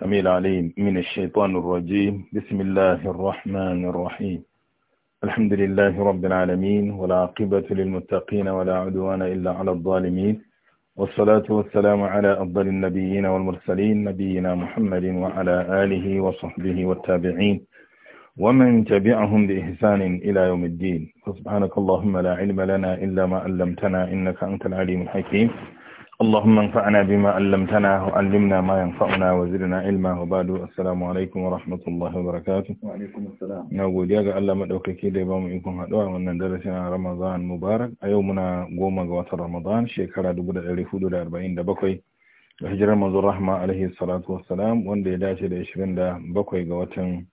سميع العليم من الشيطان الرجيم بسم الله الرحمن الرحيم الحمد لله رب العالمين والعاقبة للمتقين ولا عدوان إلا على الظالمين والصلاة والسلام على أفضل النبيين والمرسلين نبينا محمد وعلى آله وصحبه والتابعين ومن تبعهم بإحسان إلى يوم الدين فسبحانك اللهم لا علم لنا إلا ما علمتنا إنك أنت العليم الحكيم اللهم انفعنا بما علمتنا وعلمنا ما ينفعنا وزدنا علما وبعد السلام عليكم ورحمة الله وبركاته وعليكم السلام نقول يا الله مدوكي da bamu ikon haɗuwa wannan darasin Ramadan Mubarak a yau muna goma ga watan Ramadan shekara 1447 da hijirar manzon Rahma alaihi salatu wassalam wanda ya dace da 27 ga watan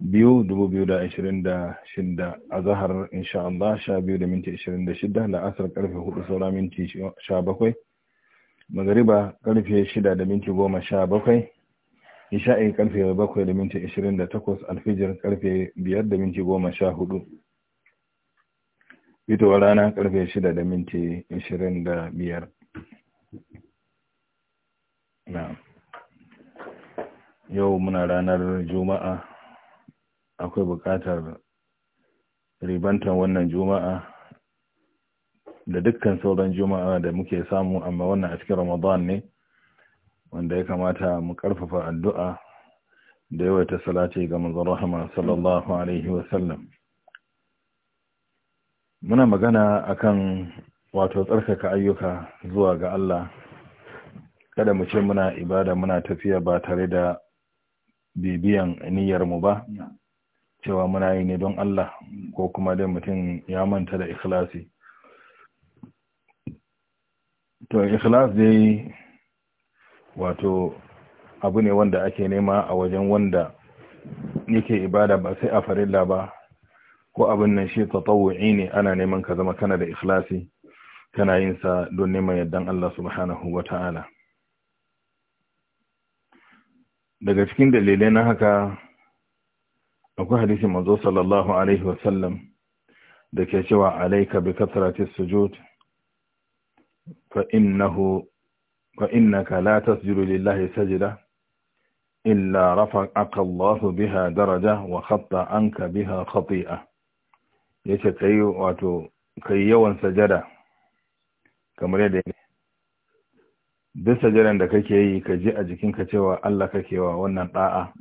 biyu 2026 a zahar insha Allah 12 da minti 26 da asar karfe 4 saura minti 17 magariba karfe shida da minti goma sha bakwai isha'i karfe bakwai da minti ishirin da takwas alfijir karfe biyar da minti goma sha hudu Fitowa rana karfe shida da minti ishirin da biyar yau muna ranar juma'a akwai bukatar ribantar wannan juma'a da dukkan sauran juma'a da muke samu amma wannan a cikin ramadan ne wanda ya kamata mu karfafa addu'a da yawaita salati ga manzon rahama sallallahu alaihi wa sallam. muna magana akan wato tsarkaka ayyuka zuwa ga Allah kada mu ce muna ibada muna tafiya ba tare da bibiyan niyyar mu ba cewa muna yi ne don Allah ko kuma dai mutum ya manta da ikhlasi to ikhlas dai wato abu ne wanda ake nema a wajen wanda yake ibada ba sai a farilla ba ko abin nan shi tatawu'i ne ana neman ka zama kana da ikhlasi kana yin sa don neman yaddan Allah subhanahu wata'ala daga cikin dalilai na haka akwai hadisi manzo sallallahu alaihi wasallam da ke cewa alaika bi kathrati sujud فإنه فإنك لا تسجد لله سجدة إلا رفعك الله بها درجة وخط عنك بها خطيئة yace kai wato kai yawan sajada kamar yadda ne duk sajadan da kake yi ka ji a jikinka cewa Allah kake wa wannan da'a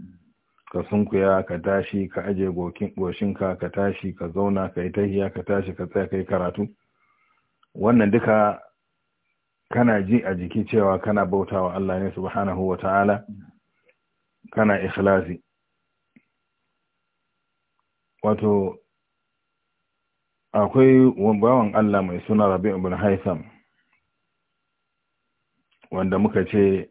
ka sunkuya ka tashi ka aje goshinka ka tashi ka zauna ka yi tahiya ka tashi ka tsaya kai karatu wannan duka kana ji a jiki cewa kana bautawa Allah ne subhanahu wa ta'ala kana ikhlasi wato akwai bawan Allah mai suna Rabi ibn Haitham wanda muka ce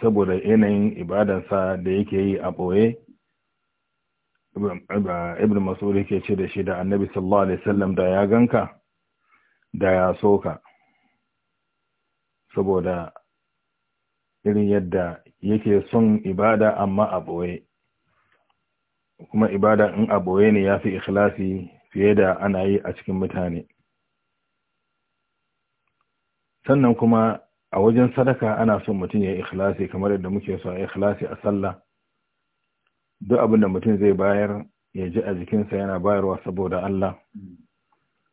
saboda yanayin ibadansa da yake yi a ɓoye ibn mas'ud yake ce da shi da annabi sallallahu alaihi wasallam da ya ganka da ya soka saboda irin yadda yake son ibada amma a boye kuma ibada in a boye ne ya fi ikhlasi fiye da ana yi a cikin mutane sannan kuma a wajen sadaka ana son mutum ya yi ikhlasi kamar yadda muke so a ikhlasi a sallah duk abin da mutum zai bayar ya ji a jikinsa yana bayarwa saboda Allah mm.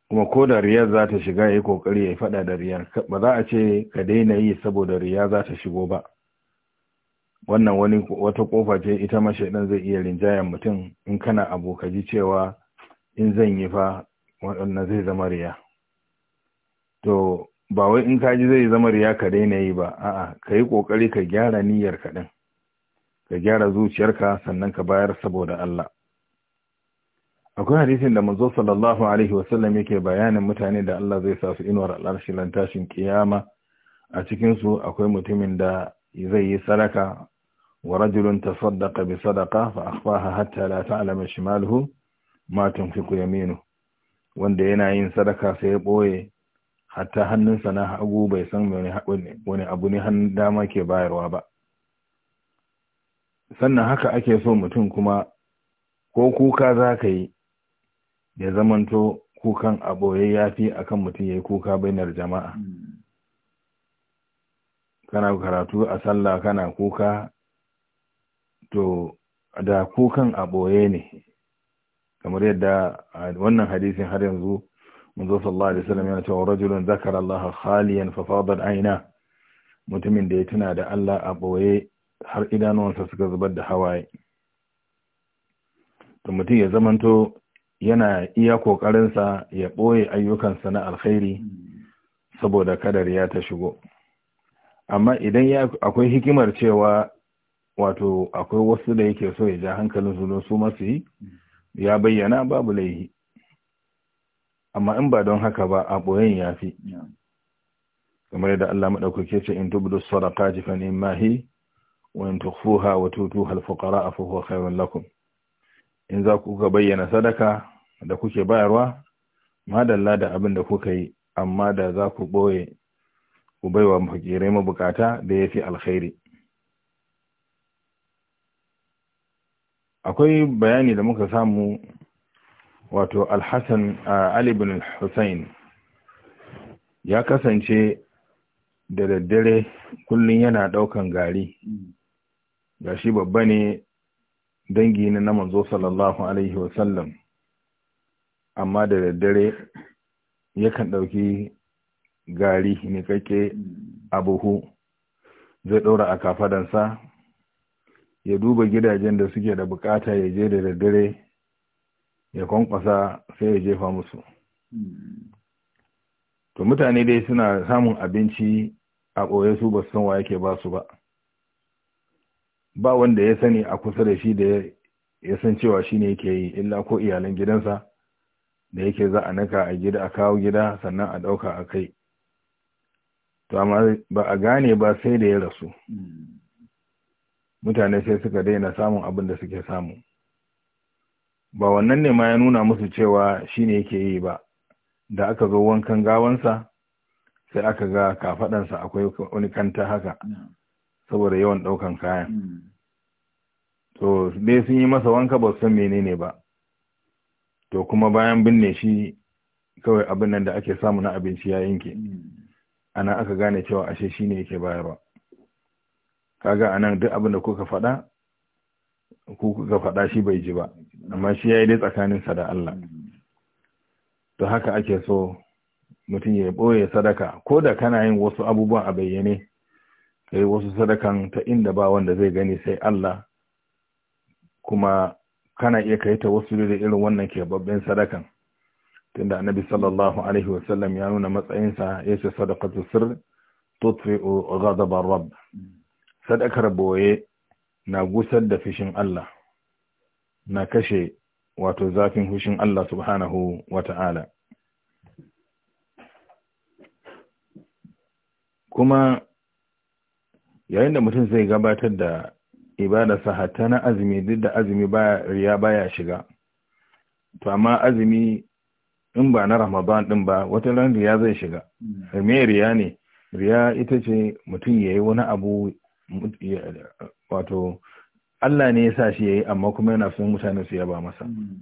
kuma ko da riyar za ta shiga ya yi kokari ya faɗa da riyar ba za a ce ka daina yi saboda riya za ta shigo ba wannan wani wata kofa ce ita ma ɗan zai iya rinjayen mutum in kana abu cewa in zan yi fa waɗannan zai zama riya to ba wai in kaji zai zama riya ka daina yi ba a'a ka yi kokari ka gyara niyyar ka ɗin ka gyara zuciyarka sannan ka bayar saboda Allah akwai hadisin da manzo sallallahu alaihi wasallam yake bayanin mutane da Allah zai sa su inuwar al'arshi lan tashin kiyama a cikin su akwai mutumin da zai yi sadaka wa rajulun tasaddaqa bi sadaqa fa akhfaha hatta la ta'lam shimaluhu ma tunfiqu yaminu wanda yana yin sadaka sai ya boye hatta hannunsa na hagu bai san wani abu ne hannun dama ke bayarwa ba sannan haka ake so mutum kuma ko kuka za ka yi ya zamanto kukan aboye ya fi kan mutum ya yi kuka bainar jama'a kana karatu a sallah kana kuka to da kukan aboye ne kamar yadda wannan hadisin har yanzu manzo sallallahu alaihi wasallam yana cewa rajulun zakara Allah khaliyan fa fadat aina mutumin da ya tuna da Allah a boye har idanuwansa suka zubar da hawaye to mutum ya zamanto yana iya ƙoƙarinsa ya ɓoye ayyukansa na alkhairi saboda kadar ya ta shigo amma idan akwai hikimar cewa wato akwai wasu da yake so ya ja hankalin su su masu yi ya bayyana babu laihi amma in ba don haka ba a ɓoyen ya fi kamar da Allah maɗaukake ce in tubdu sadaqati fa ni'mahi wa in tukhfuha wa tutuha al-fuqara fa huwa khayrun lakum in za ku ka bayyana sadaka da kuke bayarwa madalla da abin da kuka yi amma da za ku ɓoye ku baiwa fakirai mabukata da ya fi alkhairi akwai bayani da muka samu wato alhassan ali bin hussein ya kasance da daddare kullum yana ɗaukan gari gashi babba ne dangi ne na manzo sallallahu alaihi wasallam amma da daddare yakan ɗauki gari ne a buhu zai ɗora a sa, ya duba gidajen da suke da bukata ya je da daddare ya kwankwasa sai ya jefa musu to mutane dai suna samun abinci a ɓoye su ba san wa yake ba su ba ba wanda ya sani a kusa da shi da ya san cewa shi ne yake yi illa ko iyalan gidansa da yake za a naka a gida a kawo gida sannan a ɗauka a kai to amma ba a gane ba sai da ya rasu mutane sai suka daina samun abin da suke samu ba wannan ne ma ya nuna musu cewa shi ne yake yi ba da aka zo wankan gawansa sai aka ga kafaɗansa akwai wani kanta haka saboda yawan ɗaukan kayan hmm. to dai sun yi masa wanka ba san menene ba to kuma bayan binne shi kawai abin nan da ake samu na abinci ya yanke ana aka gane cewa ashe ne yake bayarwa kaga anan duk abin da kuka faɗa ku kuka faɗa shi bai ji ba amma shi yayi dai tsakaninsa da Allah to haka ake so mutum ya ɓoye sadaka ko da kana yin wasu abubuwan a bayyane kai wasu sadakan ta inda ba wanda zai gani sai Allah kuma kana iya kai ta wasu da irin wannan ke babban sadakan tunda annabi sallallahu alaihi wasallam ya nuna matsayinsa ya ce sadaqatu sir tutfi'u ghadaba rabb sadakar boye na gusar da fushin Allah na kashe wato zafin hushin Allah subhanahu wata'ala kuma yayin da mutum zai gabatar da ibada sahata na azumi duk da azumi baya riya baya shiga to amma azumi in ba na ramadan din ba wata ran riya zai shiga mm. me riya ne riya ita ce mutum ya yi wani abu wato Allah ne ya sa shi ya yi amma kuma yana son mutane su yaba masa mm.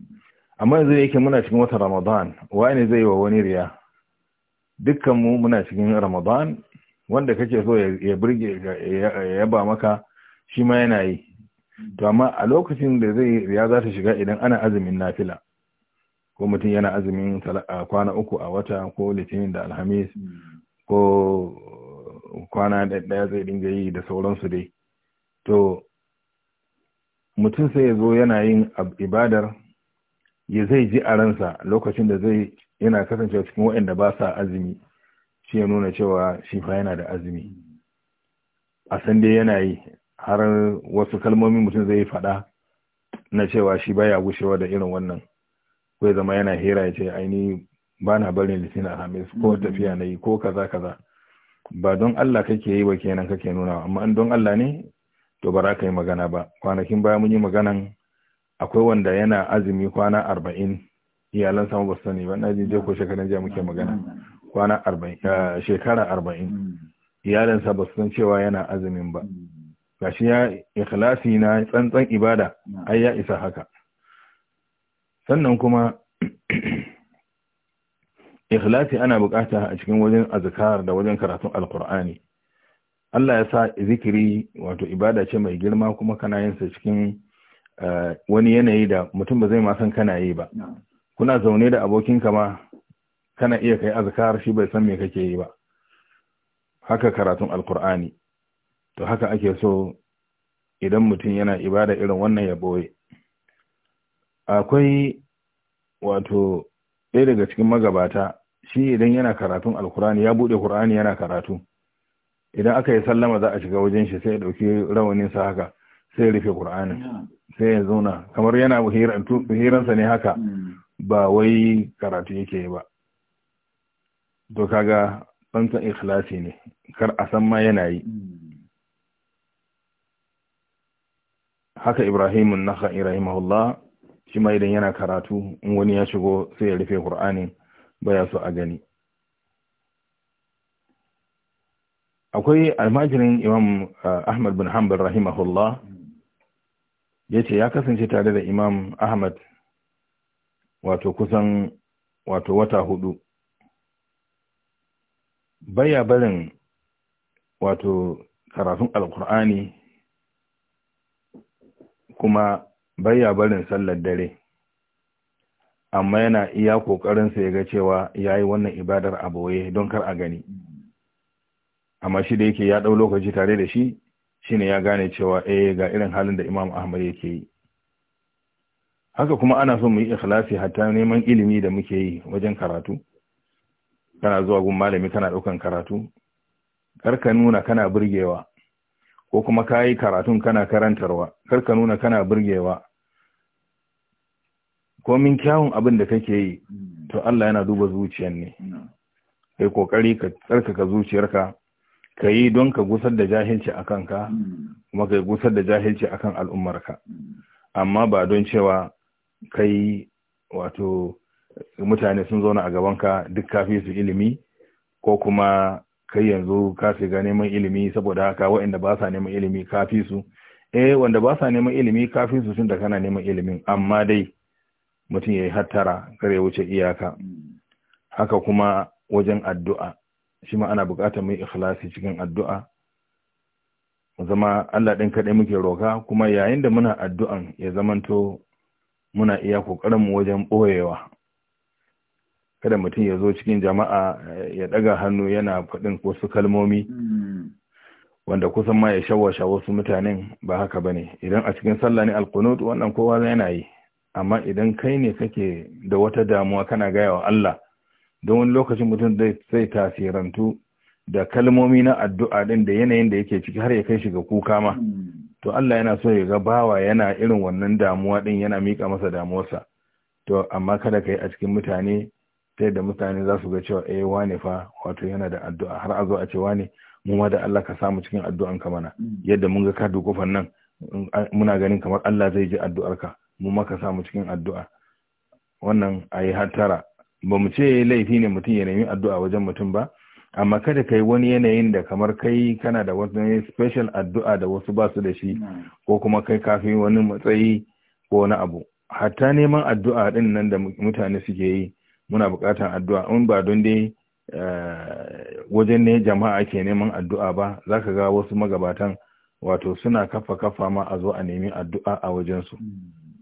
amma yanzu yake muna cikin wata ramadan wani zai yi wa wani riya dukkanmu muna cikin ramadan wanda kake so ya burge ya yaba maka shi ma yana yi to amma a lokacin da zai ya za ta shiga idan ana azumin nafila ko mutum yana azumin kwana uku a wata ko litinin da alhamis ko kwana ɗaya zai dinga yi da sauransu dai to mutum sai ya zo yana yin ibadar ya zai ji a ransa lokacin da zai yana kasancewa cikin waɗanda ba sa azumi shi ya nuna cewa shi fa yana da azumi a san dai yana yi har wasu kalmomin mutum zai yi faɗa na cewa shi baya gushewa da irin wannan kai zama yana hira ya ce aini ba na barin litinin alhamis ko mm-hmm. tafiya na yi ko kaza kaza ba don Allah kake yi ba kenan kake nuna amma in don Allah ne to ba za ka yi magana ba kwanakin baya mun yi maganan akwai wanda yana azumi kwana arba'in iyalan samu ba sani ba na ko shekaran jiya muke magana kwana arba'in eh, shekara arba'in mm-hmm. iyalansa ba san cewa yana azumin ba mm-hmm. gashi ya ikhlasi na tsantsan ibada ai ya isa haka sannan kuma ikhlasi ana bukata a cikin wajen azkar da wajen karatun alqur'ani Allah ya sa zikiri wato ibada ce mai girma kuma kana yin sa cikin eh, wani yanayi da mutum ba zai ma san kana yi ba kuna zaune da abokinka ma kana iya kai azkar shi bai san me kake yi ba haka karatun alqur'ani to haka ake so idan mutum yana ibada irin wannan ya boye akwai wato ɗaya daga cikin magabata shi idan yana karatun alkurani ya buɗe kur'ani yana karatu idan aka yi sallama za a shiga wajen shi sai ya ɗauki rawanin sa haka sai ya rufe kur'ani sai ya zauna kamar yana hiransa ne haka ba wai karatu yake ba to kaga tsantsan ikhlasi ne kar a san ma yana yi haka ibrahim naka irahimahullah shi ma idan yana karatu in wani ya shigo sai ya rufe ƙur'anin baya so a gani akwai almajirin imam uh, ahmad bin hanbal rahimahullah ya ce ya kasance tare da imam ahmad wato kusan wato wata hudu baya barin wato karatun alkur'ani kuma baya barin sallar dare amma yana iya ƙoƙarinsa ya ga cewa ya yi wannan ibadar a boye don kar a gani amma shi da yake ya ɗau lokaci tare da shi shine ya gane cewa eh ga irin halin da imam ahmad yake yi haka kuma ana so mu yi ikhlasi hatta neman ilimi da muke yi wajen karatu kana zuwa gun malami kana ɗaukan karatu Kar ka nuna kana burgewa ko kuma ka yi karatun kana karantarwa kar ka nuna kana burgewa komin kyawun abin da kake yi to Allah yana duba zuciyar ne kai kokari ka tsarkaka zuciyarka ka yi don ka gusar da jahilci a kanka kuma ka gusar da jahilci a kan al'ummarka amma ba don cewa ka yi wato mutane sun zauna a gabanka duk kafi su ilimi ko kuma kai yanzu ka shiga neman ilimi saboda haka waɗanda ba sa neman ilimi kafi su eh wanda ba sa neman ilimi kafi su tun da kana neman ilimin amma dai mutum ya yi hattara kar ya wuce iyaka haka kuma wajen addu'a shi ma ana buƙatar mai ikhlasi cikin addu'a zama Allah ɗin kaɗai muke roka kuma yayin da muna addu'an ya zamanto muna iya mu wajen ɓoyewa kada mutum ya zo cikin jama'a ya ɗaga hannu yana faɗin wasu kalmomi wanda kusan ma ya shawasha wasu mutanen ba haka bane idan a cikin sallah ne alqunut wannan kowa yana yi amma idan kai ne kake da wata damuwa kana gaya wa Allah don wani lokacin mutum zai tasirantu da kalmomi na addu'a din da yanayin da yake ciki har ya kai shi ga kuka ma to Allah yana so ya ga bawa yana irin wannan damuwa din yana mika masa damuwarsa to amma kada yi a cikin mutane Sai da mutane za su ga cewa eh wane fa wato yana da addu'a har a zo a ce wane mu ma da Allah ka samu cikin addu'an ka mana mm. yadda mun ga ka kofar nan muna ganin kamar Allah zai ji addu'ar ka mu ma ka samu cikin addu'a wannan ayi hattara ba mu ce laifi ne mutum ya nemi addu'a wajen mutum ba amma kada kai wani yanayin da kamar kai kana da wani special addu'a da wasu ba su da shi mm. ko kuma kai kafi wani matsayi ko wani abu hatta neman addu'a din nan da mutane suke yi muna buƙatar addu'a in ba don dai eh, wajen ne jama'a ke neman addu'a ba za ka ga wasu magabatan wato suna kafa kafa ma a zo a nemi addu'a a wajensu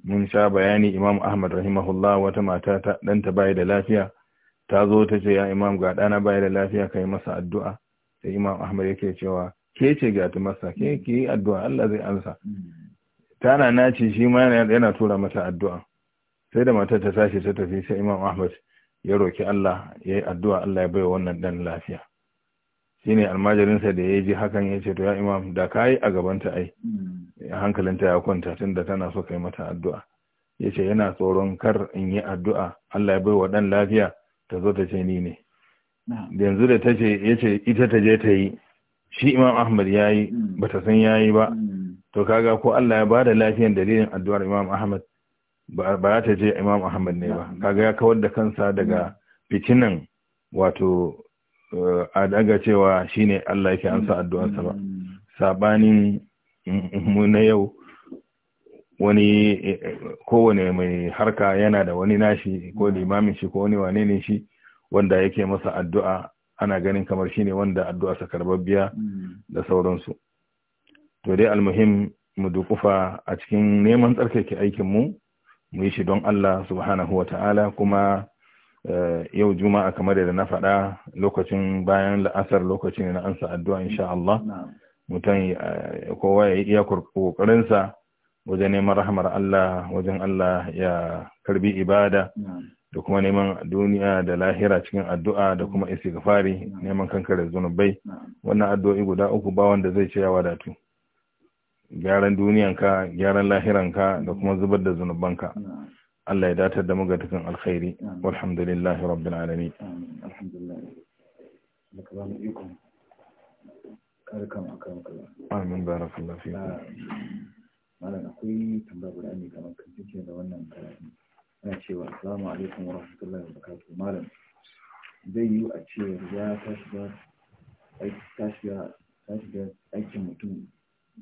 mun sha bayani imam ahmad rahimahullah wata mata ta ɗanta bayi da lafiya ta zo ta ce ya imam ga ɗana bayi da lafiya ka yi masa addu'a sai imam ahmad yake cewa ke ce ga ta masa ke ki yi addu'a allah zai ansa tana naci shi ma yana tura mata addu'a sai da matar ta tashi ta tafi sai imam ahmad ya roki Allah ya yi addu'a Allah ya bai wannan dan lafiya Shi ne almajirinsa da ya ji hakan ya ce to ya imam da ka yi a gabanta ai hankalinta ya kwanta tun da tana so kai mata addu'a ya ce yana tsoron kar in yi addu'a Allah ya bai wa dan lafiya ta zo ta ce ni ne yanzu da ta ce ya ce ita ta je ta yi shi imam ahmad ya yi mm. ba ta san ya yi ba mm. to kaga ko Allah ya ba da lafiyan dalilin addu'ar imam ahmad ba ya ta je imam ahmad ne ba kaga ya kawar da kansa daga fitinan wato eh, a daga cewa shine Allah yake ansa mm. addu'arsa ba mm. sabanin mm, mu na yau wani eh, eh, kowane mai harka yana da wani nashi ko limamin shi ko wani wane ne shi wanda yake masa addu'a ana ganin kamar shine wanda addu'a sa karbabbiya da sauransu to dai almuhim mu dukufa a cikin neman tsarkake aikin mu mu yi shi don Allah subhanahu wa ta'ala kuma eh, yau juma'a kamar yadda na faɗa lokacin bayan la'asar lokacin na ansa addu'a insha Allah mutum eh, kowa ya yi iya ƙoƙarinsa wajen neman rahamar Allah wajen Allah ya karbi ibada da kuma neman duniya da lahira cikin addu'a da kuma gafari neman kankare zunubai wannan addu'o'i guda uku ba wanda zai ce ya wadatu gyaran duniyanka gyaran lahiranka da kuma zubar da zunubanka Allah ya datar da mu ga alkhairi walhamdulillahi rabbil alamin amin barakallahu ah, malam akwai guda ne kamar kan cikin da wannan karatu cewa assalamu alaikum wa rahmatullahi wa barakatuh malam zai yi a ce ya ta shiga aikin mutum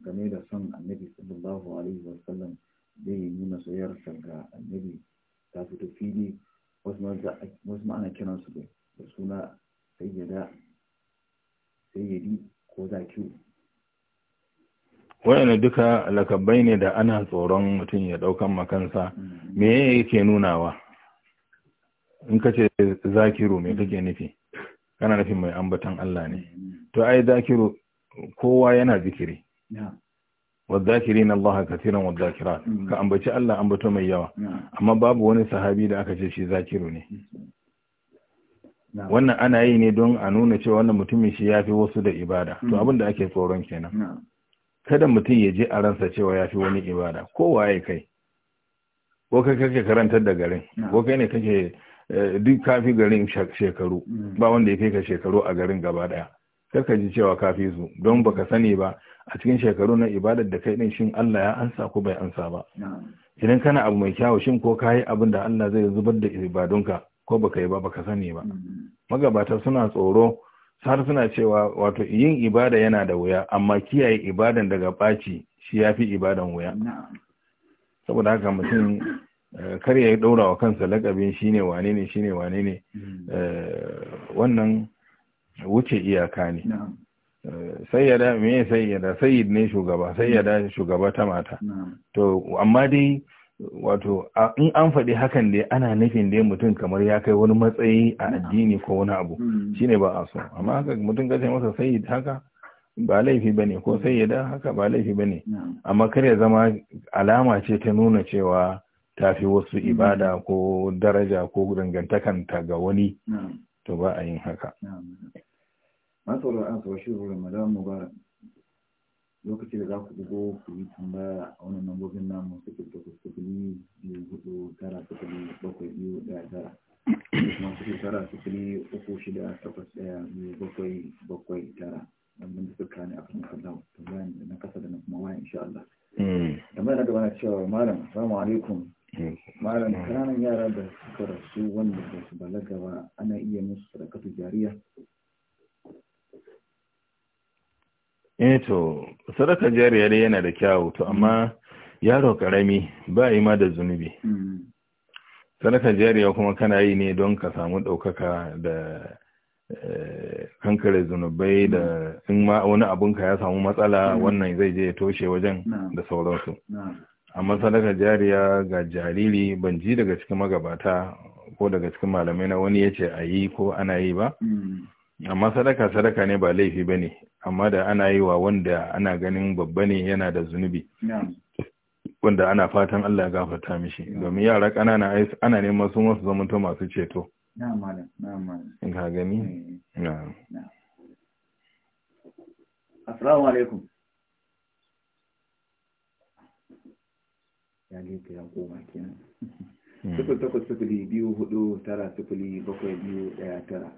game da son annabi sallallahu alaihi sallam zai yi nuna soyayyarsa ga annabi ta fito fili wasu ma'ana kiransu da suna sayyada sayyadi ko zaki waɗanda duka lakabai ne da ana tsoron mutum ya daukan makansa me yake nunawa in ka ce zakiru me kake nufi kana nufin mai ambatan Allah ne to ai zakiru kowa yana zikiri والذاكرين الله كثيرا والذاكرات كأنبتي الله أنبتو mai يوا Amma babu وني صحابي da aka ce shi zakiru ne mm. wannan ana yi ne don a nuna cewa wannan mutumin shi yafi wasu da ibada to mm. abin da ake tsoron kenan kada mutum ya je a ransa cewa yafi wani ibada ko waye kai ko kai kake karantar da garin ko kai ne kake eh, duk kafi garin shekaru mm. ba wanda ya kai ka shekaru a garin gaba daya ka ji cewa ka fi su don baka sani ba a cikin shekaru na ibadar da kai din shin Allah ya ansa ko bai ansa ba idan kana abu mai kyawu shin ko kayi abin da Allah zai zubar da ibadunka ko baka yi ba baka sani ba magabata suna tsoro har suna cewa wato yin ibada yana da wuya amma kiyaye ibadan daga ɓaci shi ya fi ibadan wuya saboda haka mutum eh, kar ya ɗaura wa kansa lakabin shine wane ne shine wane ne hmm. eh, wannan wuce iyaka ne eh, sayyada me sayyada sayyid ne shugaba sayyada shugaba ta mata to amma dai wato in an faɗi hakan dai ana nufin dai mutum kamar ya kai wani matsayi a addini ko wani abu hmm. shine ba a so amma haka mutum ka masa sayyid haka ba laifi ba ne ko hmm. sayyada haka ba laifi ba ne amma kar ya zama alama ce ta nuna cewa ta fi wasu hmm. ibada ko daraja ko dangantakanta ga wani to ba a yin haka matsala an tsawo shi ramadan mubarak lokacin da za ku dubo ku yi tambaya a wani nambobin namu suke da sufuri biyu hudu tara sufuri bakwai biyu daya tara kuma suke tara sufuri uku shida takwas daya biyu bakwai bakwai tara wannan da suka ne a kan kallon tambayan da na kasa da na kuma waya insha Allah. Mm. Tambaya na gaba na cewa malam salamu alaikum malam kananan yara da suka rasu wanda ba su balaga ba ana iya musu sadakatu jariya eh to sadaka jariya dai yana da kyawu to amma yaro karami ba yi ma da zunubi mm. sadaka jariya kuma kana yi ne don ka samu ɗaukaka da kankare eh, zunubai da mm. in ma wani abunka ya samu matsala mm. wannan zai je ya toshe wajen da sauransu amma sadaka jariya ga jariri ban ji daga cikin magabata ko daga cikin malamai na wani ya ce a yi ko ana yi ba mm. amma sadaka sadaka ne ba laifi ba ne amma da ana yi wa wanda ana ganin babba ne yana da zunubi wanda ana fatan Allah ya gafarta mishi domin yara ƙanana ana neman su wasu zamanto masu ceto ka gani eh. Assalamu alaikum ya leka ya koma kenan hmm. sifil takwas sifili biyu hudu tara sifili bakwai biyu daya tara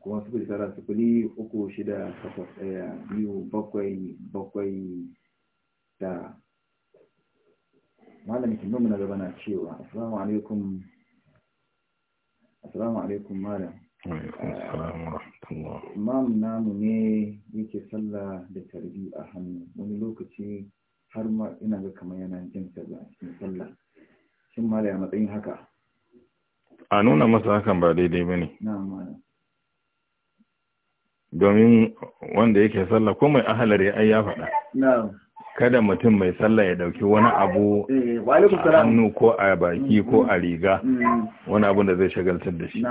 kuma sifili tara sifili uku shida takwas daya biyu bakwai bakwai tara malamin kimiyya na gaba na cewa assalamu alaikum assalamu alaikum malam ah, imam namu ne yake sallah da tarbi a hannu wani lokaci har ma ina ga kamar yana jin a cikin sallah shin ma ya matsayin haka a nuna masa hakan ba daidai ba ne domin wanda yake sallah ko mai ahalar ya ai ya faɗa kada mutum mai sallah ya dauki wani abu eh, a hannu ko a baki ko a riga mm-hmm. wani abu da zai shagaltar da shi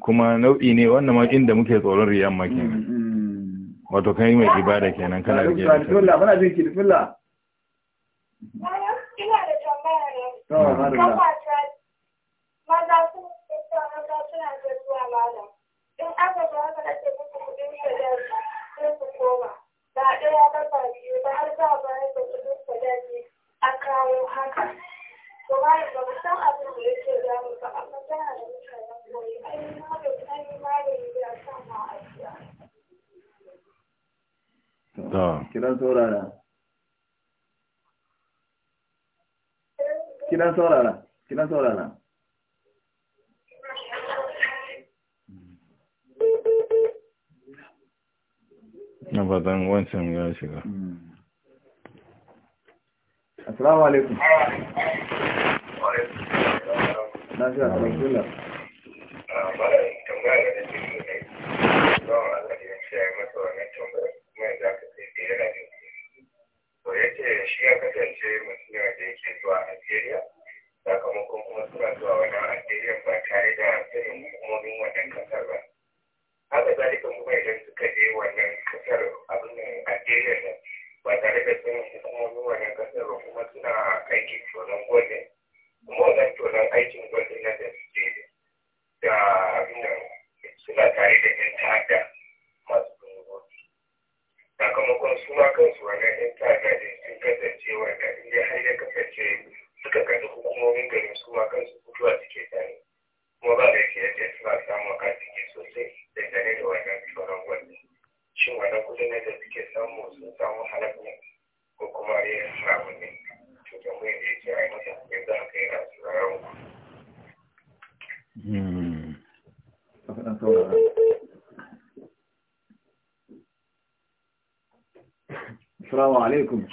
kuma nau'i ne wannan ma inda muke tsoron riyan ma kenan mm-hmm. wato kai mai ibada kenan kana rike da shi. Ina da tambaya ne. Kan wata maza maza suna zuwa malam. In aka zo aka nake musu kuɗin sadaki sai su koma. biyu ba har za da kuɗin sadaki a kawo haka. To ba san abin yake tana da koyi. a Kiran saurara. kidan saurara kidan saurara na bazan wancan ya shiga assalamu alaikum na shi a alaikum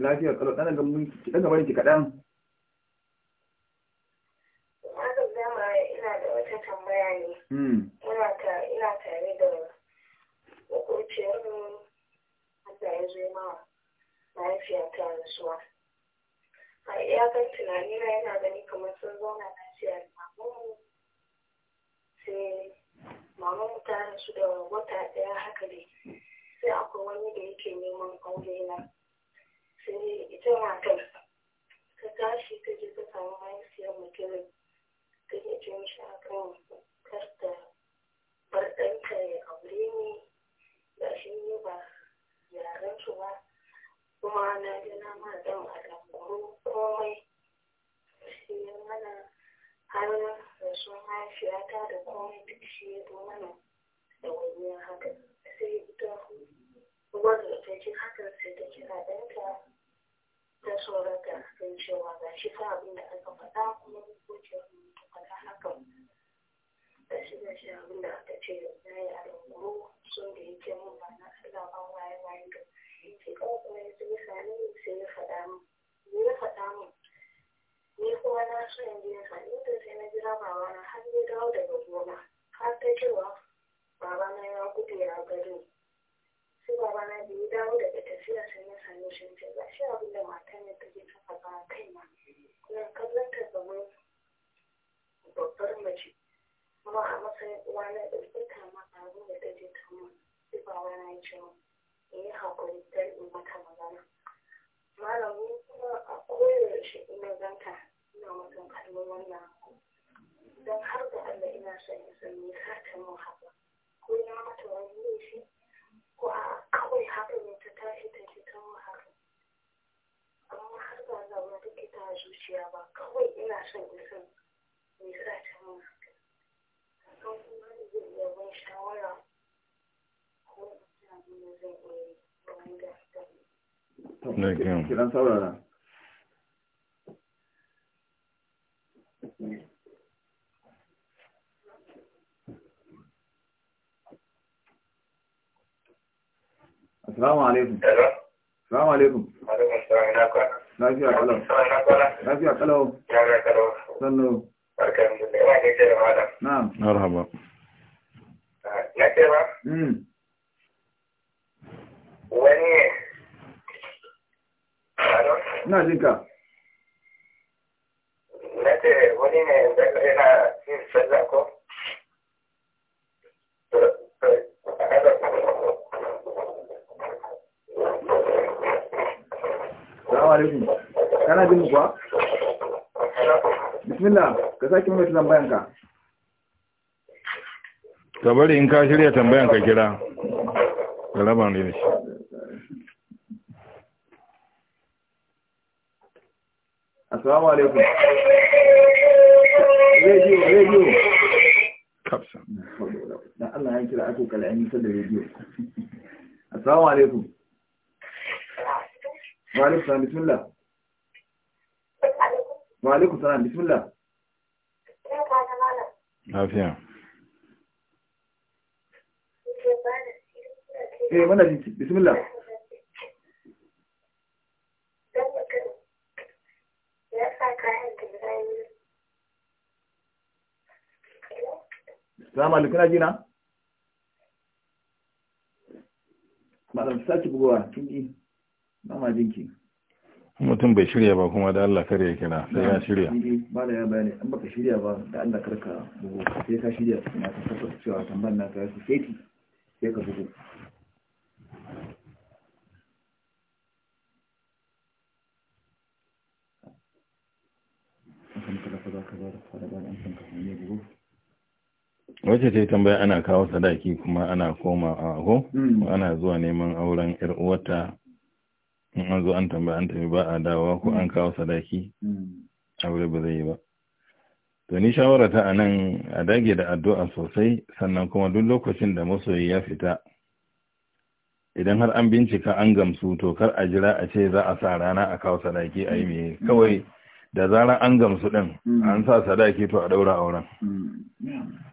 lafiya kalau ɗan ga mun ki ɗaga ki kaɗan ina da wata tambaya ne hmm. ina tare da makwabciyar mu Allah rasuwa a iyakar tunanina yana gani kamar sun zauna lafiya da sai maman ta rasu da wata ɗaya haka dai sai akwai wani da yake neman aure na sai ita kai ta tashi ta je ta samu mahaifiyar mutumin ta je ce mishi a kan karta bar ɗanka ya aure ni da shi ne ba yaran su ba kuma na gina na ma dan a komai sai ya mana har rashin ta da kuma duk shi ya zo mana da wuriya haka sai ita uwar da ta ji hakan sai ta kira ɗanta ta tsorata kan cewa ga shi fa abin da aka faɗa kuma ko ce ta faɗa hakan ga shi ga shi abin da aka ce na na gyan kiran saurara Assalamu alaikum. Assalamu alaikum. Lafiya kalau. Lafiya kalau. Sannu. Barkan mu da wani kira malam. Na'am. Marhaba. Na ah, ce ba. Hmm. Wani na jin ka na ce wani ne da yana yin sallah ko Salamu alaikum. Kana jin kuwa? Bismillah, ka sake mai tambayanka. Ka ka bari in ka shirya ka kira. Galaba ne shi. assalamu alaikum Radio, radio. kapsa Na Allah ya kira aka kalani ta da radio. assalamu alaikum wa alaikum salam bismillah wa alaikum salam bismillah lafiya eh mana bismillah salamu alaikum na jina malam sake bugowa kin yi, ba ma jinki mutum bai shirya ba kuma da Allah kare ya kira sai ya shirya ba da ya bayani an baka shirya ba da Allah karka bugu sai ka shirya na ta tabbata cewa tambayar na ta su seti sai ka bugu kan kala kaza kaza da an san ka hanyar bugu wacce ce tambaya ana kawo sadaki kuma ana koma a hmm. ko ana zuwa neman auren yar uwarta in an zo an tambaya an tafi ba a dawowa ko an hmm. kawo sadaki hmm. aure ba zai yi ba to ni shawara ta anan a dage da addu'a sosai sannan kuma duk lokacin da masoyi ya fita idan har an bincika an gamsu to kar a jira a ce za a sa rana a kawo sadaki a yi me kawai da zarar an gamsu din an sa sadaki to a daura auren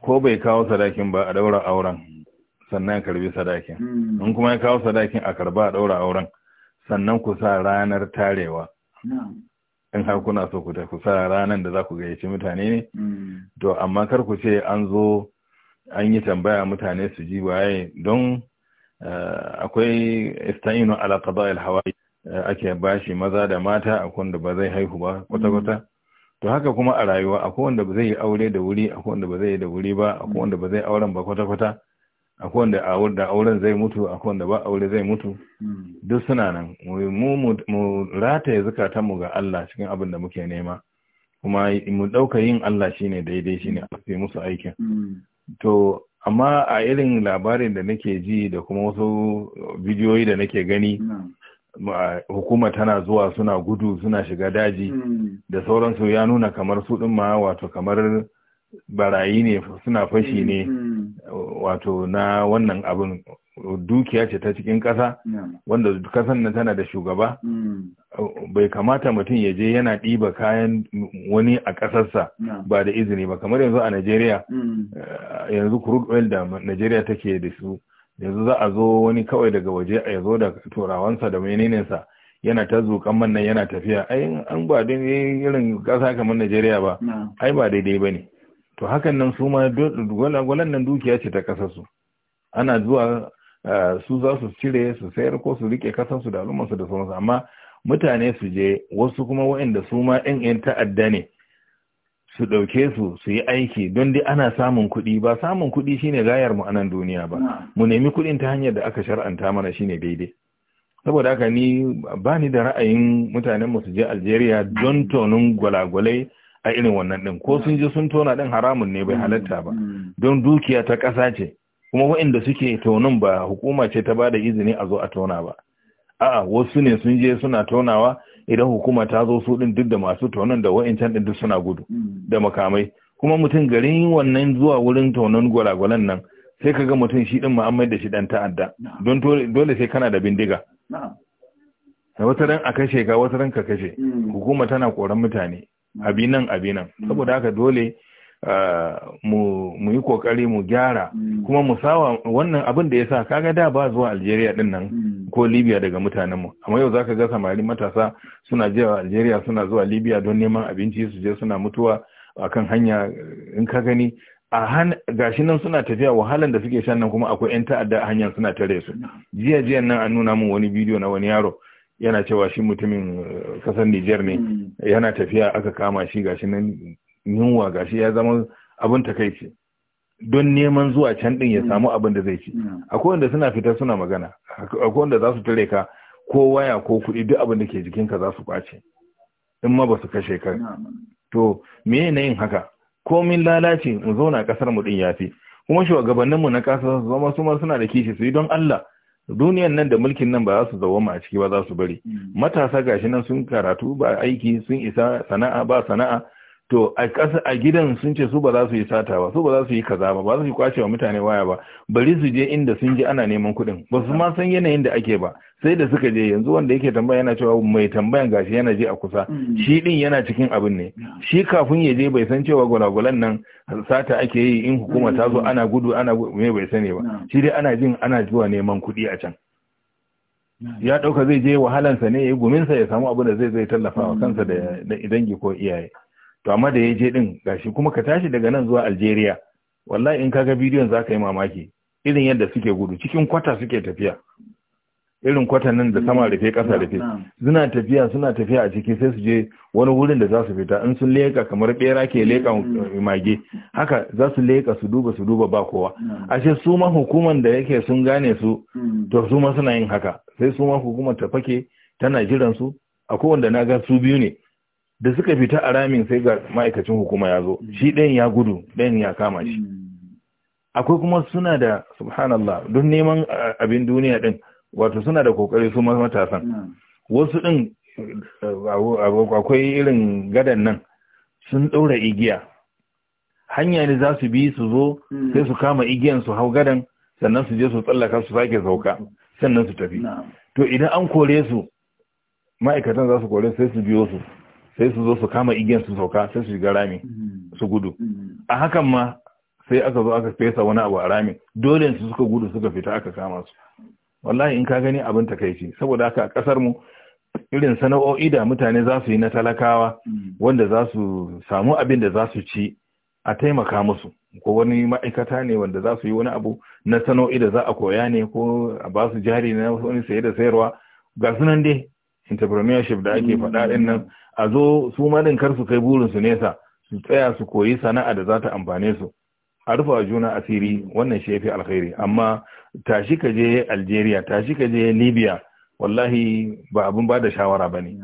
ko bai kawo sadakin ba a daura auren sannan karbi sadakin hmm. in kuma ya kawo sadakin a karba a daura auren sannan ku sa ranar tarewa in har kuna so ku ku sa ranar da za ku gayyaci mutane ne hmm. to amma kar ku ce an zo an yi tambaya mutane su ji waye don eh, akwai ista'inu ala qada'il hawai eh, ake bashi maza da mata a da ba zai haihu ba kwata-kwata to haka kuma a rayuwa akwai wanda ba zai yi aure da wuri akwai wanda ba zai yi da wuri ba akwai wanda ba zai auren ba kwata-kwata akwai wanda da auren zai mutu akwai wanda ba aure zai mutu hmm. duk suna nan mu rataye zukatan mu ga Allah cikin abin da muke nema kuma mu ɗauka yin Allah shine daidai shine a fi musu aikin hmm. to amma a irin labarin da nake ji da kuma wasu bidiyoyi da nake gani hmm. hukuma tana zuwa suna gudu suna shiga daji hmm. da sauransu ya nuna kamar su ɗin ma wato kamar barayi ne suna fashi ne hmm. wato na wannan abin dukiya ce ta cikin ƙasa wanda ƙasan nan tana da shugaba hmm. bai kamata mutum ya je yana ɗiba kayan wani a ƙasarsa ba da izini ba kamar yanzu a Najeriya eh, yanzu crude oil da Najeriya take da su yanzu za a zo wani kawai daga waje ya zo da turawansa da sa yana ta zukan man nan yana tafiya ai an ba daidai irin kasa kamar Najeriya ba ai ba daidai ba ne to hakan nan su ma gwalan nan dukiya ce ta ƙasar su ana zuwa su za su cire su sayar ko su rike ƙasar su da al'ummarsu da sauransu amma mutane su je wasu kuma waɗanda su ma 'yan 'yan ta'adda ne su ɗauke su su yi aiki don dai ana samun kuɗi ba samun kuɗi shine gayar mu anan duniya ba mu nemi kuɗin ta hanyar da aka shar'anta mana shine daidai saboda haka ni ba ni da ra'ayin mutanen mu su je Algeria don tonin gwalagwalai a irin wannan din ko sun je sun tona din haramun ne bai mm, halatta ba mm. don dukiya ta ƙasa ce kuma waɗanda suke tonin ba hukuma ce ta bada izini a zo a tona ba a'a wasu ne sun je suna tonawa idan hukuma ta zo su din duk da masu tonon da wa'incan din duk suna gudu hmm. da makamai kuma mutum garin wannan zuwa wurin tonon gwalagwalan nan sai ka ga mutum shi din ma'amai da shi dan ta'adda don dole sai kana da bindiga wata ran a kashe ka wata ran ka kashe hmm. hukuma tana koran mutane abi nan abi nan hmm. saboda haka dole ah, mu yi kokari mu gyara kuma mu sawa wannan abin da ya sa kaga da ba zuwa Algeria din nan ko libya daga mutanenmu amma yau zaka ga samari matasa suna jewa algeria suna zuwa libya don neman abinci su je suna mutuwa akan hanya in ka gani a han gashi nan suna tafiya wahalan da suke shan nan kuma akwai yan ta'adda hanyar suna tare su jiya jiyan nan an nuna min wani bidiyo na wani yaro yana cewa shi mutumin kasar eh, Nijar ne hmm. yana tafiya aka kama shi gashi nan yunwa gashi ya zama abin takaici don neman zuwa can din ya hmm. samu abin da zai ci hmm. akwai wanda suna fita suna magana akwai wanda za su tare ka ko waya ko kuɗi duk abin da ke jikinka za su kwace in ma ba su kashe ka hmm. to me ne yin haka komin lalace mu zauna ƙasar mu din yafi kuma shugabannin mu na kasa zama su ma suna da kishi su yi don Allah duniyan nan da mulkin nan ba za su mu a ciki ba za su bari matasa gashi nan sun karatu ba aiki sun isa sana'a ba sana'a to a a gidan sun ce su ba za su yi sata ba su ba za su yi kaza ba ba za su yi kwace wa mutane waya ba bari su je inda sun ji ana neman kuɗin ba su ma san yanayin da ake ba sai da suka je yanzu wanda yake tambaya yana cewa mai tambayan gashi yana je a kusa mm. shi din yana cikin abin ne shi kafin ya je bai san cewa gwalagwalan nan sata ake yi in hukuma ta zo mm. ana gudu ana me bai sani ba shi dai ana jin ana zuwa neman kuɗi a can ya ɗauka zai je wahalansa ne ya yi guminsa ya samu abin da zai zai tallafa wa kansa da dangi ko iyaye to amma da ya je din gashi kuma ka tashi daga nan zuwa Algeria wallahi in kaga bidiyon zaka yi mamaki irin yadda suke gudu cikin kwata suke tafiya irin kwata nan da sama rufe kasa rufe suna tafiya suna tafiya a ciki sai su je wani wurin da za su fita in sun leka kamar ɓera ke leka mm, mm. eh, mage haka za su leƙa su duba su duba ba kowa ashe su ma hukuman da yake sun gane su mm. to su ma suna yin haka sai su ma hukumar ta fake tana jiran su akwai wanda na ga su biyu ne da suka fita a ramin sai ga ma'aikacin hukuma ya zo hmm. shi ɗayan ya gudu ɗayan ya kama shi hmm. akwai kuma suna da subhanallah don neman abin duniya ɗin wato suna da kokari su matasan hmm. wasu ɗin akwai irin gadan nan sun ɗaura igiya hanya ne za su bi su zo sai su kama igiyan su hau gadan sannan su je su tsallaka su sake sauka sannan su tafi to idan an kore su ma'aikatan za su kore sai su biyo su sai su zo su kama igiyan su sauka sai su shiga rami su gudu a hakan ma sai aka zo aka fesa wani abu a rami. dole su suka gudu suka fita aka kama su wallahi in ka gani abin takaici saboda haka a kasar mu irin sana'o'i da mutane za su yi na talakawa wanda za su samu abin da za su ci a taimaka musu ko wani ma'aikata ne wanda za su yi wani abu na sana'o'i da za a koya ne ko a ba su jari na wani saye da sayarwa ga sunan dai entrepreneurship da ake faɗa ɗin nan a zo su manin kar su kai burin su nesa su tsaya su koyi sana'a da za ta amfane su a rufe a juna asiri wannan shi yafi alkhairi amma tashi ka je Algeria tashi ka je Libya wallahi ba abin ba da shawara ne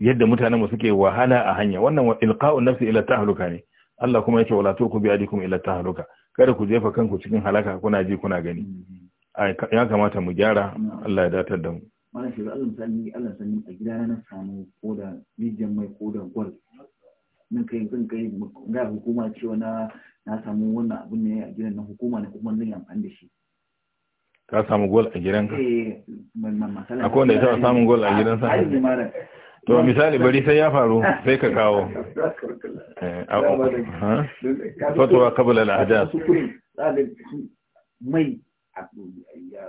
yadda mutanen mu suke wahala a hanya wannan ilqa'un nafsi ila tahluka ne Allah kuma yake wala tuku bi adikum ila tahluka kada ku jefa kanku cikin halaka kuna ji kuna gani mm-hmm. ya kamata mu gyara mm-hmm. Allah ya datar da mu mana shi Allah sani Allah sani a gida na samu ko da rijiyar mai ko da gwal nan kai zan kai ga hukuma cewa na na samu wannan abin ne a gidan na hukuma ne kuma zan yi amfani da shi ka samu gol a gidan ka? Eh, akwai wanda ya a samun ah, gol a gidansa to misali bari sai ya faru sai ka kawo eh, fatuwa kabula al mai a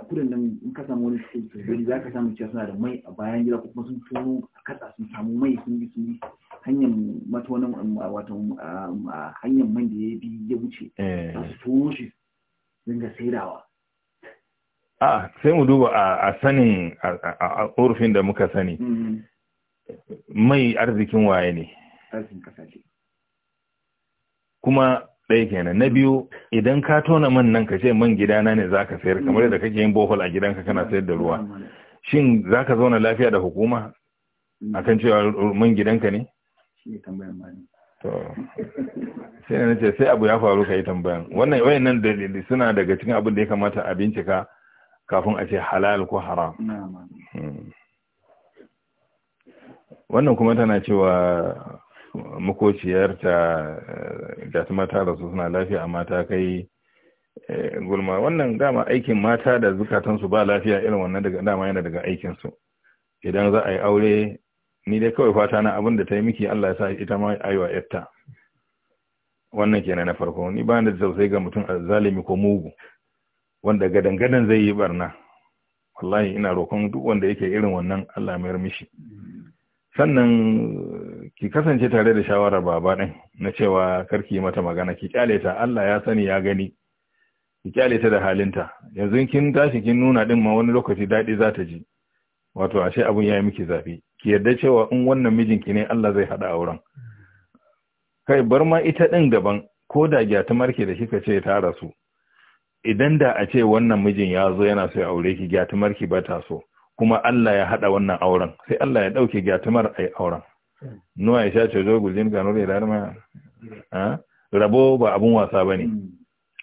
kudin eh, nan in ka samu wani sojori za ka samu cewa suna da mai a bayan gida kuma sun tono a kasa sun samu mai sun bi sun bi hanyar matonan um, wato um, um, hanyar man da ya bi ya wuce eh. za su tono shi dinga saidawa a sai mu duba a sanin a da muka sani mm-hmm. mai arzikin waye ne kuma ɗaya kenan na biyu idan ka tona man nan ka ce man gidana ne za ka sayar kamar yadda kake yin bohol a gidanka kana sayar da ruwa shin za ka zauna lafiya da hukuma akan cewa man gidanka ne sai na ce sai abu ya faru ka yi tambayan wannan wayannan dalili suna daga cikin abin da ya kamata a bincika kafin a ce halal ko haram hmm. wannan kuma tana cewa makociyarta eh, ga ta mata da su suna lafiya amma ta kai eh, gulma wannan dama aikin mata da zukatansu ba lafiya irin wannan daga dama yana daga aikinsu idan za a yi aure ni dai kawai fata na abin da ta yi miki Allah ya sa ita ma ayuwa yarta wannan kenan na farko ni ba da tausayi ga mutum zalimi ko mugu wanda gadan zai yi barna wallahi ina roƙon duk wanda yake irin wannan Allah mai mishi sannan ki kasance tare da shawarar baba ɗin. na cewa karki yi mata magana ki kyale ta Allah ya sani ya gani ki kyale ta da halinta yanzu kin tashi kin nuna din ma wani lokaci daɗi za ta ji wato ashe abun ya yi miki zafi ki yarda cewa in wannan mijinki ne Allah zai haɗa auren kai bar ma ita ɗin gaban ko da gyatumar ke da kika ce ta rasu idan da a ce wannan mijin ya zo yana so ya aure ki gyatumar ki ba ta so kuma Allah ya haɗa wannan auren sai Allah ya ɗauke gyatumar ai auren nuwa ya sha cojo guljin kano da rabo ba abun wasa ba ne hmm.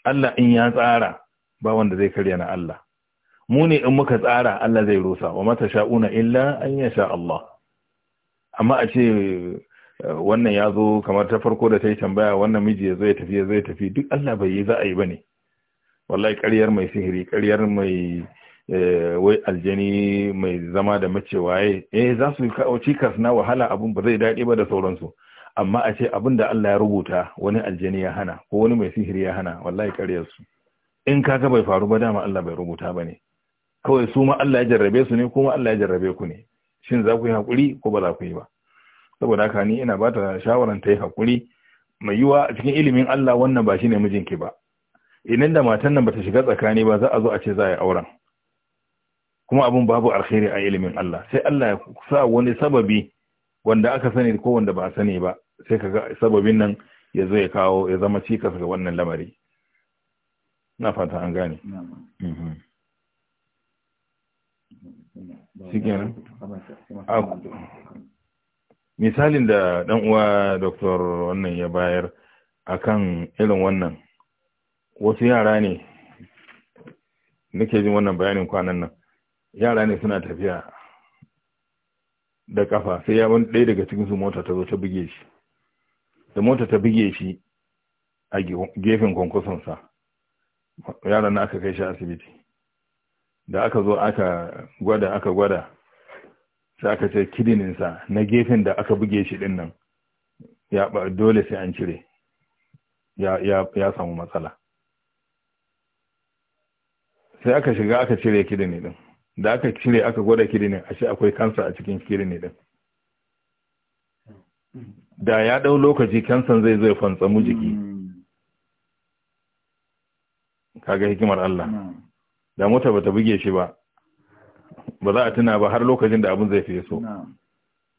Allah in ya tsara ba wanda zai karya na Allah mu ne in muka tsara Allah zai rusa wa mata sha'una illa an ya sha Allah amma a ce eh, wannan ya zo kamar ta farko da ta yi tambaya wannan miji ya zo ya tafi ya zo ya tafi duk Allah bai yi za a yi ba ne wallahi ƙaryar mai sihiri ƙaryar mai Eh, wai aljani mai zama da waye? eh za su kawo cikas na wahala abun ba zai daɗi ba da sauransu amma a ce abin da Allah ya rubuta wani aljani ya hana ko wani mai sihiri ya hana wallahi ƙaryar su in kaga bai faru ba dama Allah bai rubuta ba ne kawai su ma Allah ya jarrabe su ne kuma Allah ya jarrabe ku ne shin za ku yi hakuri ko ba za ku yi ba saboda haka ni ina ba ta shawaran ta yi haƙuri mai yiwa a cikin ilimin Allah wannan ba shi ne mijinki ba idan da matan nan ba ta shiga tsakani ba za a zo a ce za a yi auren kuma abin babu alkhairi a ilimin Allah sai Allah ya sa wani sababi wanda aka sani ko wanda ba a sani ba sai kaga sababin nan ya zo ya kawo ya zama cikas ga wannan lamari na fata an gane mhm. misalin da dan uwa doktor wannan ya bayar akan irin wannan wasu yara ne nake jin wannan bayanin kwanan nan yara ne suna tafiya da kafa sai ya wani ɗaya daga cikinsu su mota ta zo ta buge shi da mota ta buge shi a gefen kwankwasonsa yaran na aka kai shi asibiti da aka zo aka gwada aka gwada sai aka ce kidininsa na gefen da aka buge shi din nan ya dole sai an cire ya samu matsala sai aka shiga aka cire kidini din da aka cire aka gwada kirinin ashe akwai kansa a cikin kirinin. din da ya ɗau lokaci kansan zai zai fantsamu jiki kaga hikimar Allah da mota bata buge shi ba ba za a tuna ba har lokacin da abin zai fi so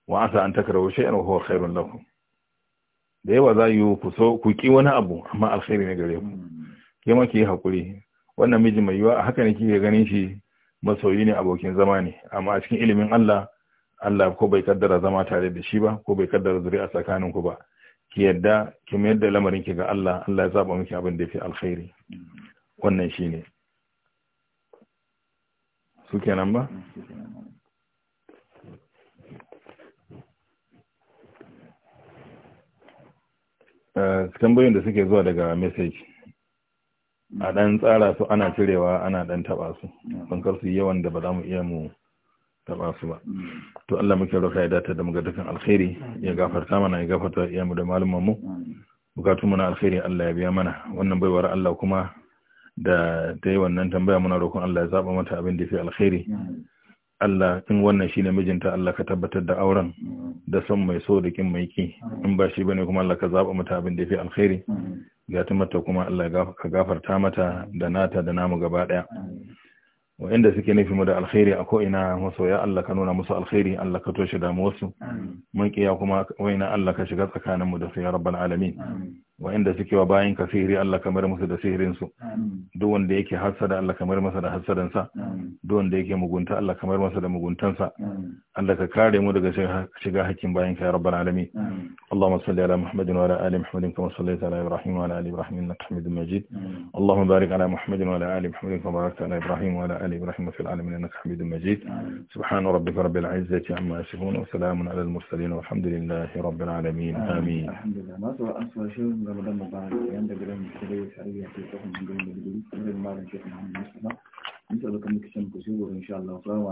wa asa an takrahu shi wa huwa khairun lakum da yawa za yi ku so ku ki wani abu amma alkhairi ne gare ku ke ma ki hakuri wannan miji mai yiwa haka ne kike ganin shi masoyi ne abokin zama ne amma a cikin ilimin Allah Allah ko bai kaddara zama tare da shi ba ko bai kaddara zuri'a tsakanin ku ba ki yadda ki mayar da lamarin ki ga Allah Allah ya zaba miki abin da yafi alkhairi wannan shine su kenan ba eh, tambayoyin da suke zuwa daga message a ɗan tsara su ana cirewa ana dan taba su don su yawan da ba za mu iya mu taba su ba to Allah muke roƙa ya dace da mu ga dukkan alkhairi ya gafarta mana ya gafarta iya mu da malumman mu bukatu mana alkhairi Allah ya biya mana wannan baiwar Allah kuma da ta yi wannan tambaya muna roƙon Allah ya zaba mata abin da fi alkhairi Allah in wannan shine mijinta Allah ka tabbatar da auren da son mai so da kin mai ki in ba shi bane kuma Allah ka zaba mata abin da yafi alkhairi ga ta mata kuma Allah ka gafarta mata da nata da namu gaba daya wa'inda suke nufi mu da alkhairi a ko ina, musu ya Allah ka nuna musu alkhairi Allah ka toshe damuwarsu mun kiya kuma wa'ina Allah ka shiga mu da su ya alamin wa'inda suke wa bayan sihiri Allah kamar musu da sihirinsu duk wanda yake hasada Allah kamar masa da hasadansa duk wanda yake mugunta Allah kamar masa da muguntansa Allah ka kare mu daga shiga hakkin bayan ka ya rabbal alamin Allahumma salli ala Muhammadin wa ala ali Muhammadin kama sallaita ala Ibrahim wa ala ali Ibrahim innaka Hamidum Majid Allahumma barik ala Muhammadin wa ala ali Muhammadin kama barakta ala Ibrahim wa ala ali Ibrahim fil alamin innaka Hamidum Majid subhana rabbika rabbil izzati amma yasifun wa salamun ala al mursalin walhamdulillahi rabbil alamin amin Ramadan Mubarak yayin da gidan kudai sarriya ke tsohon gidan da gidan malam Sheikh Muhammad Mustafa in ta zaka muke san ku sai insha Allah